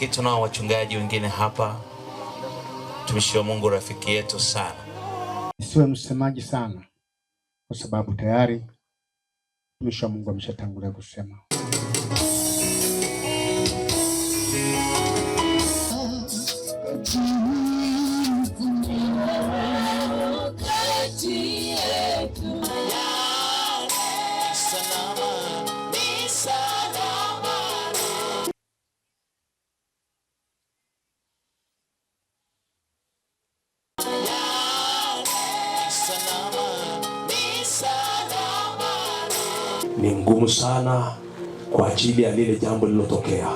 Lakini tunao wachungaji wengine hapa, mtumishi wa Mungu, rafiki yetu sana. Nisiwe msemaji sana, kwa sababu tayari mtumishi wa Mungu ameshatangulia kusema. ni ngumu sana kwa ajili ya lile jambo lililotokea,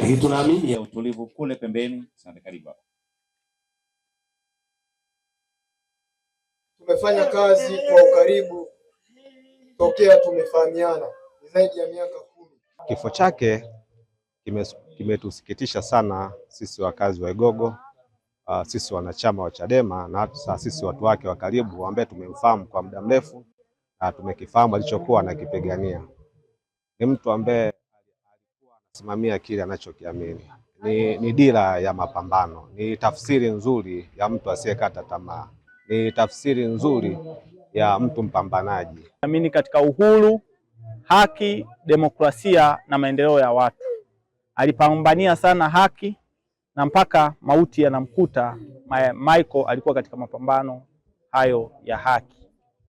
lakini tunaamini ya utulivu kule pembeni. Asante, karibu. Tumefanya kazi kwa ukaribu tokea tumefahamiana zaidi ya miaka kumi. Kifo chake kimetusikitisha kime sana sisi wakazi wa Igogo, uh, sisi wanachama wa Chadema na hata sisi watu wake wa karibu ambaye tumemfahamu kwa muda mrefu. Ah, tumekifahamu alichokuwa anakipigania. Ni mtu ambaye alikuwa anasimamia kile anachokiamini. Ni, ni dira ya mapambano, ni tafsiri nzuri ya mtu asiyekata tamaa, ni tafsiri nzuri ya mtu mpambanaji. Naamini katika uhuru, haki, demokrasia na maendeleo ya watu. Alipambania sana haki na mpaka mauti yanamkuta Michael alikuwa katika mapambano hayo ya haki.